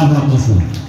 Ana Batista.